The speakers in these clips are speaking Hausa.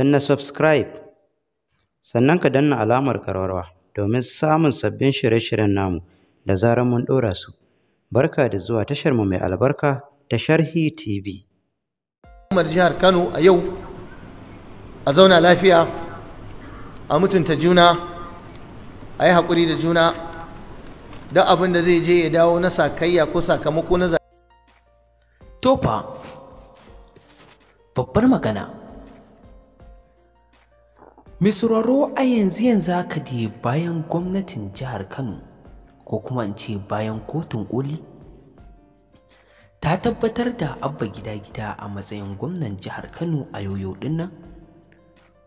na subscribe sannan ka danna alamar karwarwa domin samun sabbin shirye-shiryen namu da zarar mun ɗora su barka da zuwa tashar mu mai albarka ta sharhi tv umar jihar kano a yau a zauna lafiya a mutunta juna a yi haƙuri da juna don abin da zai je ya dawo na sakayya ko sakamako na tofa babbar magana misraro a yanzu yanzu haka da bayan gwamnatin jihar kano ko kuma in ce bayan kotun koli ta tabbatar da abba gida gida a matsayin gwamnan jihar kano a yoyo nan,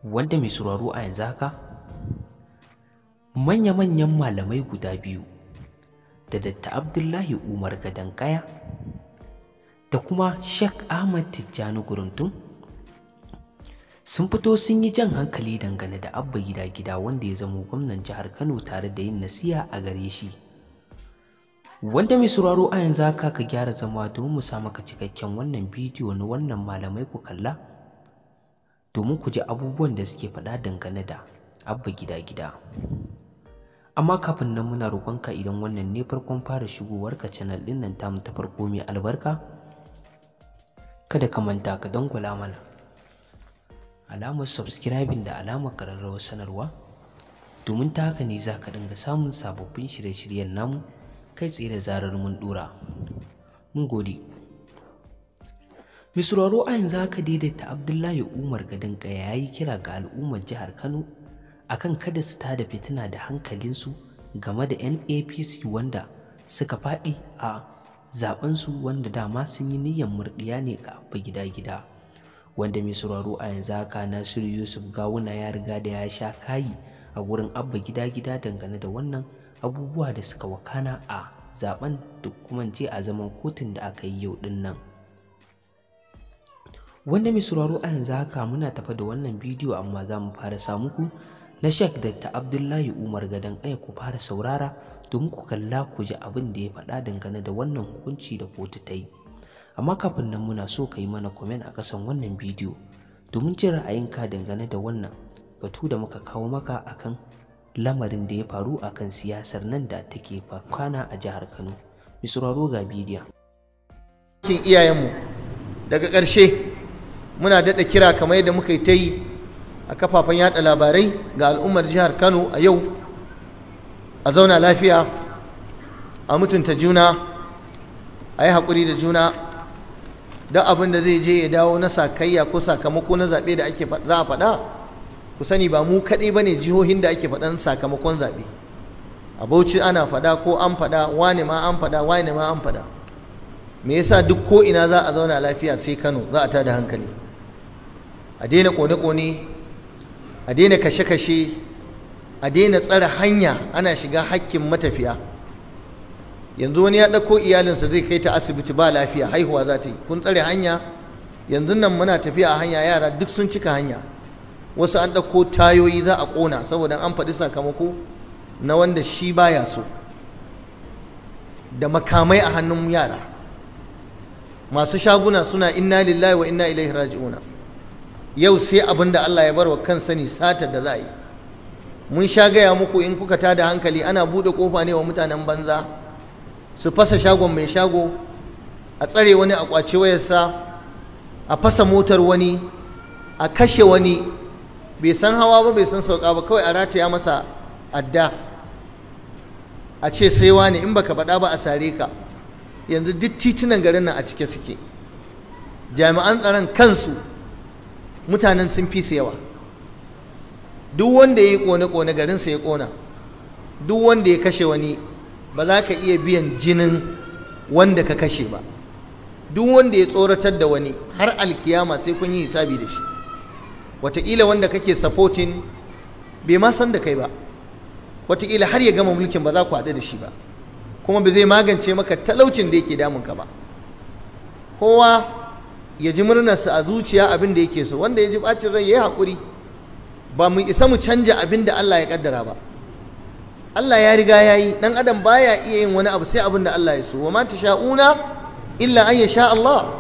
wanda misraro a yanzu haka manya-manyan malamai guda biyu da datta abdullahi umar Kaya da kuma sheikh ahmad tijjani guruntun sun fito sun yi jan hankali dangane da abba gida gida wanda ya zamo gwamnan jihar kano tare da yin nasiha a gare shi wanda mai sauraro a yanzu haka ka gyara zama don mu sa maka cikakken wannan bidiyo na wannan malamai ku kalla domin ku ji abubuwan da suke faɗa dangane da abba gida gida amma kafin nan muna roƙonka idan wannan ne farkon fara shigowar ka canal ɗin nan tamu ta farko mai albarka kada ka manta ka dangula mana alamar subscribing da alamar ƙararrawar sanarwa domin ta haka ne za ka dinga samun sababbin shirye-shiryen namu kai tsaye da zarar mun dora mun gode misraro a yanzu haka daidaita abdullahi umar gadin ya yi kira ga al'ummar jihar kano akan kada su tada fitina da hankalinsu game da napc wanda suka faɗi a zaɓensu wanda dama sun yi niyyar murɗiya ne ga abba gida-gida wanda mai sauraro a yanzu haka nasiru yusuf gawuna ya riga da ya sha kayi a gurin abba gida gida dangane da wannan abubuwa da suka wakana a zaben da kuma a zaman kotun da aka yi yau din nan wanda mai sauraro a yanzu haka muna tafa da wannan bidiyo amma za mu fara samu ku na shak Dr. Abdullahi Umar gadon aya ku fara saurara domin ku kalla ku ji abin da ya faɗa dangane da wannan hukunci da kotu ta yi. amma kafin nan muna so ka yi mana comment a ƙasan wannan bidiyo domin jin ra'ayinka dangane da wannan batu da muka kawo maka akan lamarin da ya faru akan siyasar nan da take kwana a jihar Kano mi sauraro ga bidiyon cikin iyayenmu daga ƙarshe muna daɗa kira kamar yadda muka yi ta yi a kafafen yaɗa labarai ga al'ummar jihar Kano a yau a zauna lafiya a mutunta juna a yi haƙuri da juna don abin da zai je ya dawo na sakayya ko sakamako na zaɓe da ake za a faɗa ku sani ba mu kaɗai ba ne jihohin da ake faɗan sakamakon zaɓe a bauchi ana faɗa ko an faɗa wane ma an faɗa wane ma an faɗa me yasa duk ko ina za a zauna lafiya sai kano za a tada hankali a daina ƙone-ƙone a daina kashe-kashe a daina tsare hanya ana shiga hakkin matafiya yanzu wani ya ɗauko iyalinsa zai kai ta asibiti ba lafiya haihuwa za ta yi kun tsare hanya yanzu nan muna tafiya a hanya yara duk sun cika hanya wasu an ɗauko tayoyi za a ƙona saboda an faɗi sakamako na wanda shi baya so da makamai a hannun yara masu shaguna suna inna lillahi wa inna ilaihi raji'una yau sai abin da Allah ya bar wa kan sani satar da za a yi mun sha gaya muku in kuka tada hankali ana buɗe ƙofa ne wa mutanen banza su fasa shagon mai shago a tsare wani a kwace wayarsa a fasa motar wani a kashe wani bai san hawa ba bai san sauka ba kawai a rataya masa adda a ce sai wani in baka faɗa ba a sare ka yanzu duk titunan garin nan a cike suke jami'an tsaron kansu mutanen sun fi su yawa duk wanda ya yi kone-kone garinsa ya kona duk wanda ya kashe wani ba za ka iya biyan jinin wanda ka kashe ba duk wanda ya tsoratar da wani har alkiyama sai kun yi hisabi da shi wataƙila wanda kake supporting bai ma san da kai ba wataƙila har ya gama mulkin ba za ku haɗu da shi ba kuma ba zai magance maka talaucin da yake damun ka ba kowa ya ji murnarsa a zuciya abin da yake so wanda ya ji bacin rai ya yi haƙuri ba mu isa mu canja abin da Allah ya ƙaddara ba Allah ya riga ya yi ɗan adam baya iya yin wani abu sai abin da Allah ya so wa ma sha'una illa an yasha Allah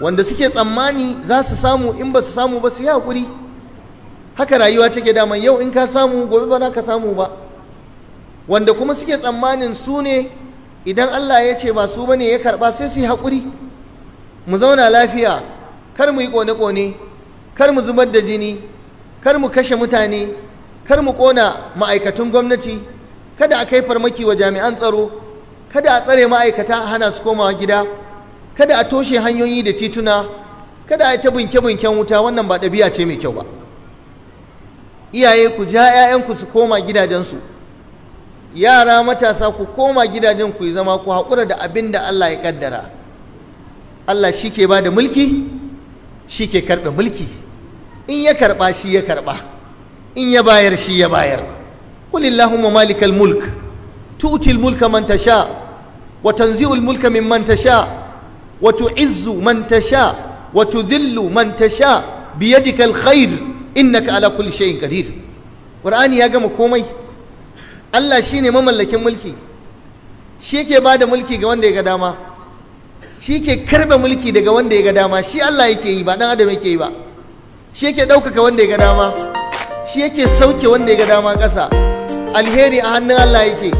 wanda suke tsammani za su samu in ba su samu ba su yi hakuri haka rayuwa take mai yau in ka samu gobe ba za ka samu ba wanda kuma suke tsammanin su ne idan Allah ya ce ba su ba ne ya karɓa sai su yi hakuri mu zauna lafiya kar mu yi kone-kone kar mu zubar da jini kar mu kashe mutane kar mu kona ma'aikatan gwamnati kada a kai farmaki wa jami'an tsaro kada a tsare ma'aikata hana su komawa gida kada a toshe hanyoyi da tituna kada a yi ta binke-binken wuta wannan ba ɗabi'a ce mai kyau ba iyaye ku ja 'ya'yanku su koma gidajensu yara matasa ku koma gidajen ku zama ku haƙura da abin da Allah ya ƙaddara. Allah shi ke ba da mulki shi ke karɓe mulki in ya karɓa shi ya karɓa in ya bayar shi ya bayar qulillahumma malikal mulk tu'til mulka man tasha wa tanzi'ul mulka mimman tasha wa tu'izzu man tasha wa tudhillu man tasha biyadikal khair innaka ala kulli shay'in qadir qur'ani ya gama komai Allah shine mamallakin mulki shi ke bada da mulki ga wanda ya ga dama shi ke karɓe mulki daga wanda ya ga dama shi Allah yake yi ba dan adam yake yi ba shi ke ɗaukaka wanda ya ga dama shi yake sauke wanda ya ga dama ƙasa alheri a hannun Allah yake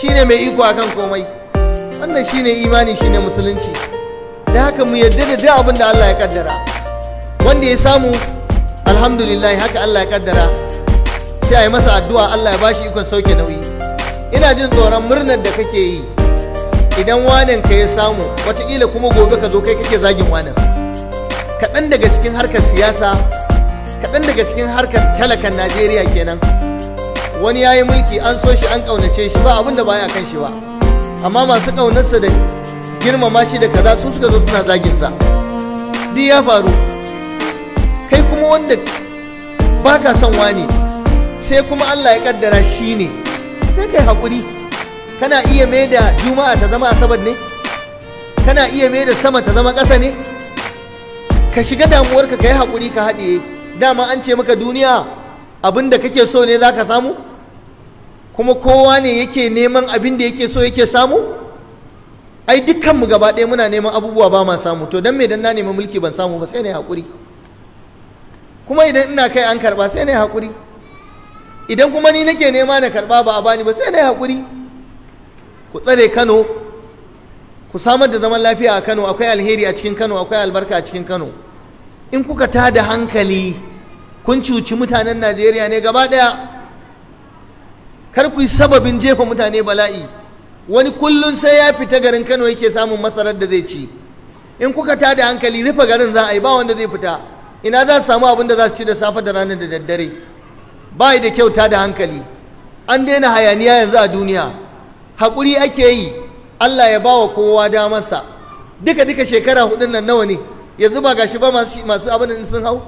shine mai iko akan komai wannan shine imani shine musulunci da haka mu yarda da duk abin da Allah ya kaddara wanda ya samu alhamdulillah haka Allah ya kaddara sai a yi masa addu'a Allah ya ba shi ikon sauke nauyi ina jin tsoron murnar da kake yi idan wanin ka ya samu wataƙila kuma gobe ka zo kai kake zagin wanin kaɗan daga cikin harkar siyasa kaɗan daga cikin harkar talakan najeriya kenan wani ya yi mulki an so shi an ƙaunace shi ba abin da baya kan shi ba amma masu ƙaunarsa da girmama shi da kaza su suka zo suna zaginsa duk ya faru kai kuma wanda baka son wani sai kuma allah ya kaddara shi ne sai kai haƙuri kana iya mai da juma'a ta zama asabar ne kana iya mai da sama ta zama ƙasa ne ka shiga damuwarka ka yi haƙuri ka haɗiye dama an ce maka duniya abin da kake so ne za ka samu kuma kowa ne yake neman abin da yake so yake samu ai dukkanmu gaba ɗaya muna neman abubuwa ba ma samu to don me dan na nemi mulki ban samu ba sai na haƙuri kuma idan ina kai an karɓa sai na haƙuri idan kuma ni nake nema na karɓa ba a bani ba sai na haƙuri ku tsare kano ku samar da zaman lafiya a kano akwai alheri a cikin kano akwai albarka a cikin kano in kuka tada hankali kun cuci mutanen najeriya ne gaba ɗaya kar ku yi sababin jefa mutane bala'i wani kullun sai ya fita garin kano yake samun masarar da zai ci in kuka ta da hankali rufe garin za a yi ba wanda zai fita ina za su samu abin da za su ci da safe da ranar da daddare ba da kyau ta da hankali an daina hayaniya yanzu a duniya haƙuri ake yi allah ya ba wa kowa damarsa duka duka shekara hudun nan nawa ne yanzu ba gashi ba masu abin sun hau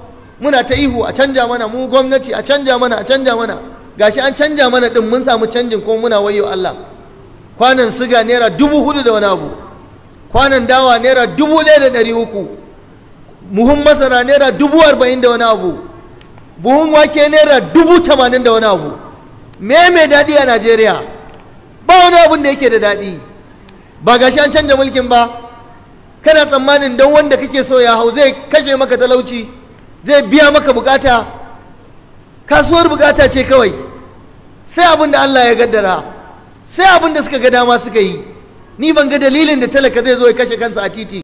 muna ta ihu a canja mana mu gwamnati a canja mana a canja mana gashi an canja mana din mun samu canjin kuma muna wayo Allah kwanan siga naira dubu hudu da wani abu kwanan dawa naira dubu ɗaya da ɗari uku muhun masara naira dubu arba'in da wani abu buhun wake naira dubu tamanin da wani abu me mai daɗi a najeriya ba wani abun da yake da daɗi ba gashi an canja mulkin ba kana tsammanin don wanda kake so ya hau zai kashe maka talauci zai biya maka bukata kasuwar bukata ce kawai sai abin da Allah ya gaddara sai abin da suka ga dama suka yi ni ban ga dalilin da talaka zai zo ya kashe kansa a titi